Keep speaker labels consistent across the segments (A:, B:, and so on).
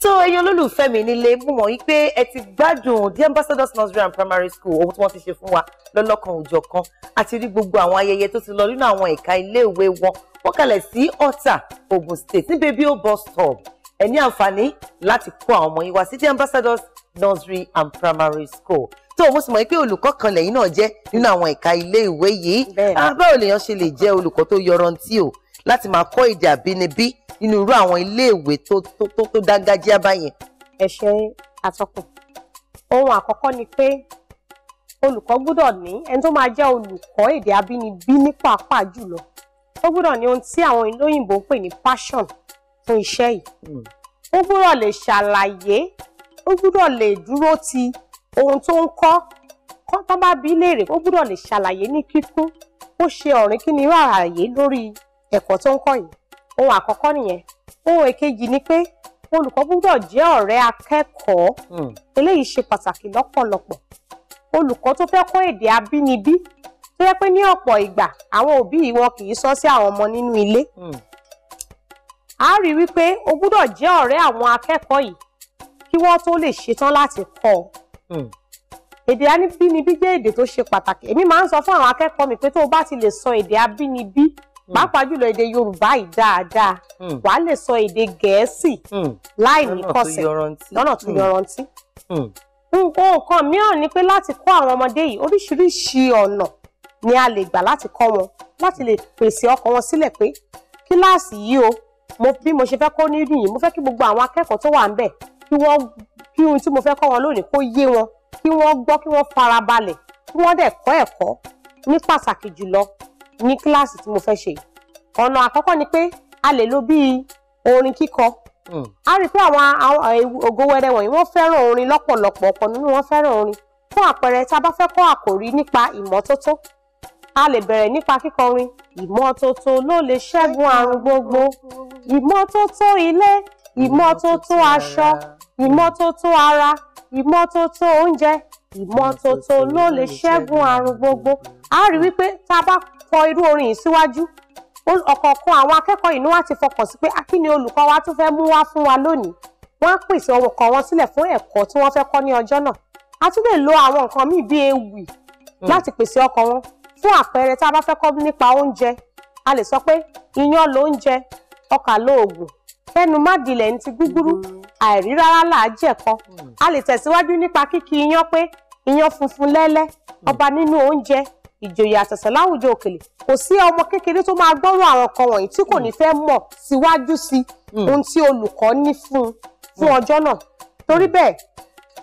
A: tó ẹ̀yin olólùfẹ́ mi nílé mú mọ̀ yín pé ẹ ti gbádùn the ambassadors nursery and primary school ohun tí wọ́n ti ṣe fún wa lọ́lọ́kan òjọ̀ kan àti rí gbogbo àwọn ayẹyẹ tó ti lọ nínú àwọn ẹ̀ka iléèwé wọn wọ́n kalẹ̀ sí Ọ̀tà Ògùn State ní baby o bus stop ẹ ní àǹfààní láti kó àwọn ọmọ yín wá sí the ambassadors nursery and primary school tó mo sì mọ̀ pé olùkọ́ kan lẹ́yìn náà jẹ́ nínú àwọn ẹ̀ka iléèwé yìí ah, báwo lèèyàn ṣe lè jẹ́ olùkọ́ tó yọrantí o láti máa kọ́ èdè àbínibí nínú irú àwọn iléèwé tó tó tó tó dáńgájíá báyẹn. ẹ àtọkùn ohun àkọ́kọ́ ni pé
B: olùkọ́ gbọ́dọ̀ ní ẹni tó máa jẹ́ olùkọ́ èdè àbínibí ní pàápàá jùlọ ó gbọ́dọ̀ ní ohun tí àwọn olóyìnbó ń pè ní passion fún iṣẹ́ yìí hmm. ó gbọ́dọ̀ lè ṣàlàyé ó gbọ́dọ̀ lè dúró ti ohun tó ń kọ́ kọ́ tó bá bí léèrè ó gbọ́dọ̀ lè ṣàlàyé ní kíkún ó ṣe ọ̀rìn kí ni irú àlàyé lórí ẹ̀kọ́ tó ń kọ́ yìí ohun àkọ́kọ́ nìyẹn ohun èkejì ni pé olùkọ́ gbúdọ̀ jẹ́ ọ̀rẹ́ akẹ́kọ̀ọ́ hmm. eléyìí ṣe pàtàkì lọ́pọ̀lọpọ̀ olùkọ́ tó fẹ́ kọ́ èdè abínibí tó yẹ pé ní ọ̀pọ̀ ìgbà àwọn òbí wọn kì í sọ sí àwọn ọmọ nínú ilé hmm. a rí wípé o gbúdọ̀ jẹ́ ọ̀rẹ́ àwọn akẹ́kọ̀ọ́ yìí kí wọ́n tó lè ṣetán láti kọ́ ọ hmm. èdè abínibí jẹ́ èdè tó ṣe pàtàkì èmi máa ń sọ fún àwọn akẹ́kọ̀ọ́ mi pé tó o bá ti lè sọ èdè abínibí Mm. pàápàá jùlọ èdè yorùbá yìí dáadáa mm. wàá lè sọ èdè gẹ̀ẹ́sì mm. láì ní kọsẹ̀ lọ́nà tó yọrantí. nǹkan kan mìíràn ni pé láti kọ́ àwọn ọmọdé yìí oríṣiríṣi ọ̀nà ni a lè gbà láti kọ́ wọn láti lè pèsè ọkàn wọn sílẹ̀ pé kíláàsì yìí o mo bí mo ṣe fẹ́ kó ní nìyí mo fẹ́ kí gbogbo àwọn akẹ́kọ̀ọ́ tó wà ń bẹ̀ kí wọ́n kí ohun tí mo fẹ́ kọ́ wọn lónìí kó yé wọn kí wọ́n gbọ́ kí wọ́n farabalẹ̀ kí wọ́n dẹ̀ kọ́ ẹ̀kọ́ ní pàtàkì jùlọ ní kíláàsì tí mo fẹ́ ṣe ọ̀nà àkọ́kọ́ ni pé a lè lo bíi orin kíkọ hmm. a rí i pé àwọn eh, ògo wẹrẹ wọ̀nyí wọ́n fẹ́ràn orin lọ́pọ̀lọpọ̀ ọ̀pọ̀ nínú wọn fẹ́ràn orin fún àpẹẹrẹ tá a bá fẹ́ kọ́ àkòrí nípa ìmọ́tótó a lè bẹ̀rẹ̀ nípa kíkọ orin ìmọ́tótó ló lè ṣẹ́gun àrùn gbogbo ìmọ́tótó ilé ìmọ́tótó aṣọ ìmọ́tótó ara ìmọ́tótó oúnjẹ ìmọ́tótó ló lè ṣẹ́gun àrùn gbogbo a rí wípé tá a bá kọ irú orin yìí síwájú ọ̀kọ̀ọ̀kan àwọn akẹ́kọ̀ọ́ inú wa ti fọkàn sí pé kí ni olùkọ́ wa tún fẹ́ mú wá fún wa lónìí wọ́n á pèsè ohun kan wọn sílẹ̀ fún ẹ̀kọ́ tí wọ́n fẹ́ kọ́ ní ọjọ́ náà a tún lè lo àwọn nǹkan míì bíi ewì hmm. láti pèsè ọkàn wọn fún àpẹẹrẹ tá a bá fẹ́ kọ́ nípa oúnjẹ a lè sọ pé iyán lóúnjẹ ọkà lóògùn fẹnu má dilẹ̀ ti gúgúrú àìrí rárá là á jẹ̀kọ hmm. a lè tẹ̀síwájú nípa kíkí iyán pé iyán funfun lẹ́lẹ́ hmm. ọba nínú oúnjẹ ìjòyè àṣẹ̀ṣẹ̀ láwùjọ òkèlè kò sí ọmọ kékeré tó máa gbọ́rọ̀ àwọn kan wọ̀nyí tí kò ní fẹ́ mọ̀ síwájú sí hmm. ohun tí olùkọ́ ní fún fún hmm. ọjọ́ náà torí hmm. bẹ́ẹ̀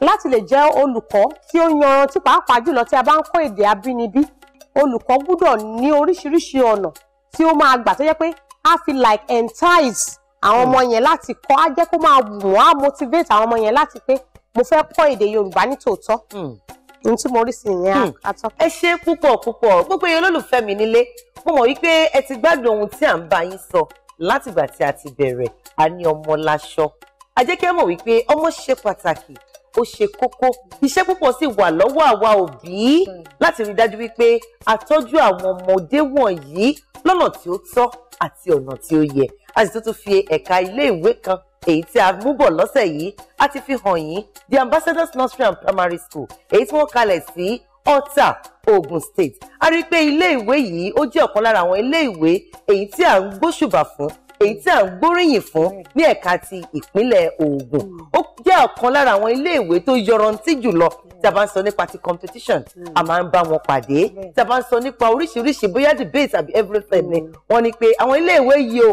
B: láti lè jẹ́ olùkọ́ tí ó yanrantí pàápàá jùlọ tí a bá ń kọ́ èdè abínibí olùkọ́ gbúdọ̀ ní oríṣiríṣi ọ̀nà tí ó máa gbà tó jẹ́ pé á fi like entice àwọn ọmọ yẹn láti kọ́ á jẹ́ kó máa wù wọ́n á motivate àwọn ọmọ yẹn láti pé mo fẹ́ kọ́ èdè Yorùbá ní tòótọ́ n tí mo rí sí
A: ìyẹn àtọ́kùn. Hmm. ẹ ṣe púpọ̀ púpọ̀ gbogbo èèyàn olólùfẹ́ mi nílé mo mọ̀ wípé ẹ ti gbádùn ohun tí à ń bá yín sọ látìgbà tí a ti bẹ̀rẹ̀ a ní ọmọ láṣọ àjẹkẹ́ mọ̀ wípé ọmọ ṣe pàtàkì ó ṣe kókó iṣẹ́ púpọ̀ sì wà lọ́wọ́ àwa òbí hmm. láti rí dájú wípé a tọ́jú àwọn ọmọdé wọ̀nyí lọ́nà tí ó tọ́ àti ọ̀nà tí ó yẹ a sì tún fi ẹ̀ka ilé ìwé kan èyí tí a mú bọ̀ lọ́sẹ̀ yìí a ti fi hàn yín the ambassadors nursery and primary school èyí tí wọ́n kalẹ̀ sí Ọ̀tà Ogun State a rí i pé ilé ìwé yìí ó jẹ́ ọ̀kan lára àwọn ilé ìwé èyí tí à ń gbóṣùbà fún èyí tí à ń gbóríyìn fún ní ẹ̀ka ti ìpínlẹ̀ Ògùn hmm. ó jẹ́ ọ̀kan lára àwọn iléèwé tó yọrantí jùlọ hmm. tí a bá ń sọ nípa ti competition hmm. a máa ń bá wọn pàdé tí a bá ń sọ nípa oríṣiríṣi bóyá debate àbí everything ni wọ́n ní pé àwọn iléèwé yìí o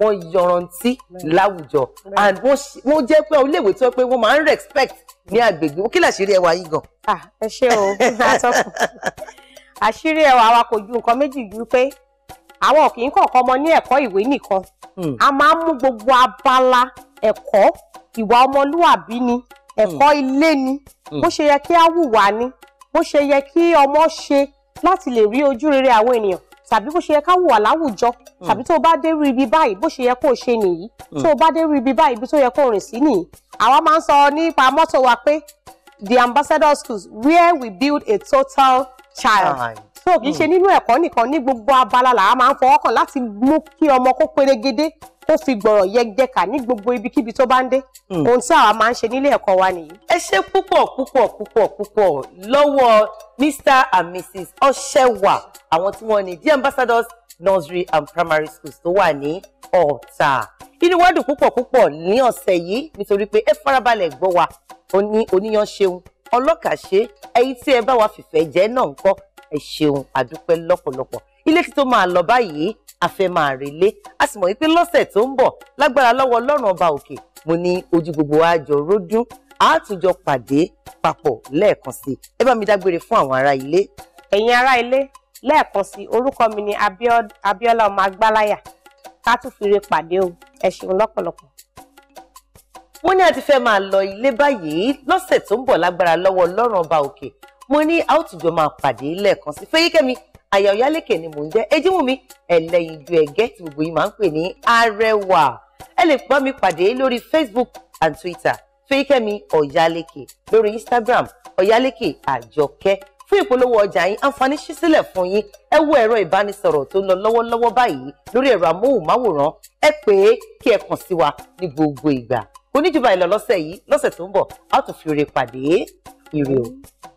A: wọ́n yọrantí láwùjọ and wọ́n jẹ́ pé iléèwé tó yẹ pé wọ́n máa ń respect ní agbègbè kí làṣírí ẹwà yìí gan. Ah, ẹ ṣé o àṣírí ẹwà wa kò ju nǹkan méjì ju pé àwọn
B: kì í kọ̀ọ̀kan ọmọ ní ẹ̀kọ́ ìwé nìkan hmm. a máa ń mú gbogbo abala ẹ̀kọ́ ìwà ọmọlúwàbí ni ẹ̀kọ́ hmm. ilé ni hmm. bó ṣe yẹ kí á hùwà ni bó ṣe yẹ kí ọmọ ṣe láti lè rí ojú rere àwọn ènìyàn tàbí bó ṣe yẹ ká hùwà láwùjọ tàbí tó o bá dé rí ibi báyìí bó ṣe yẹ kó o ṣe nìyí tó o bá dé rí ibi báyìí ibi tó yẹ kó o rìn sí nìyí àwa máa ń sọ nípa mọ́tò wa pé the ambassador schools where we build a total child. Aye so kì í ṣe hmm. nínú ẹ̀kọ́ nìkan ní gbogbo abala là á máa ń fọwọ́ kàn láti mú kí ọmọ kó perégedé kó fi gbọ̀rọ̀ yẹgẹka ní gbogbo ibikíbi tó bá ń dé
A: hmm. ohun tí àwa máa ń ṣe nílé ẹ̀kọ́ wa nìyí. ẹ ṣe púpọ̀ púpọ̀ púpọ̀ púpọ̀ lọ́wọ́ Mr and Mrs ọ̀ṣẹ́wà àwọn tí wọ́n ní the ambassadors nursery and primary schools tó wà ní Ọ̀tà inú wa dùn púpọ̀ púpọ̀ ní ọ̀sẹ̀ yìí nítorí pé ẹ farabalẹ̀ gbọ́ wa oníyanṣeun ọlọ́kàṣe ẹ̀yin tí ẹ bá wa fìfẹ́ jẹ́ náà ń kọ́ ẹ ṣeun àdúpẹ́ lọ́pọ̀lọpọ̀ ilé tí tó máa lọ báyìí àfẹ́ máa relé a sì mọ̀ wípé lọ́sẹ̀ tó ń bọ̀ lágbára lọ́wọ́ ọlọ́run ọba òkè mo ní ojú gbogbo àjọ ródún àtúnjọ pàdé papọ̀ lẹ́ẹ̀kan sí ẹ bá mi dágbére fún àwọn ará ilé. ẹ̀yin ará ilé lẹ́ẹ̀kan sí orúkọ mi ni Abíọ́lá
B: ọmọ agbáláyà ká tún fi re pàdé o ẹ ṣeun lọ́pọ̀lọpọ̀
A: wọ́n ní a ti fẹ́ máa lọ ilé báyìí lọ́sẹ̀ tó ń bọ̀ lágbára lọ́wọ́ ọlọ́run ọba òkè mo ní a ó tùjọ máa pàdé lẹ́ẹ̀kan sí Fẹ́yíkẹ́mi àyà Ọ̀yálékè ni mò ń jẹ́ Ẹjíwùmí ẹlẹ́yinjú ẹ̀gẹ́ tí gbogbo yìí máa ń pè ní Arẹwà ẹ lè bá mi pàdé lórí Facebook and Twitter Fẹ́yíkẹ́mi Ọ̀yálékè lórí Instagram Ọ̀yálékè Àjọkẹ́ fún ìpolówó ọjà yín àǹfààní ṣí sílẹ̀ fún yín ẹ wo ẹ̀rọ ìbánisọ̀rọ̀ tó ń lọ lọ́wọ́lọ́wọ́ báyìí lórí ẹ̀rọ amóhùnmáwòrán ẹ pè é kí ẹ kàn sí wa ní gbogbo ìgbà oníjùbà ìlọ lọ́sẹ̀ yìí lọ́sẹ̀ tó ń bọ̀ á tún fi pàdé ire o.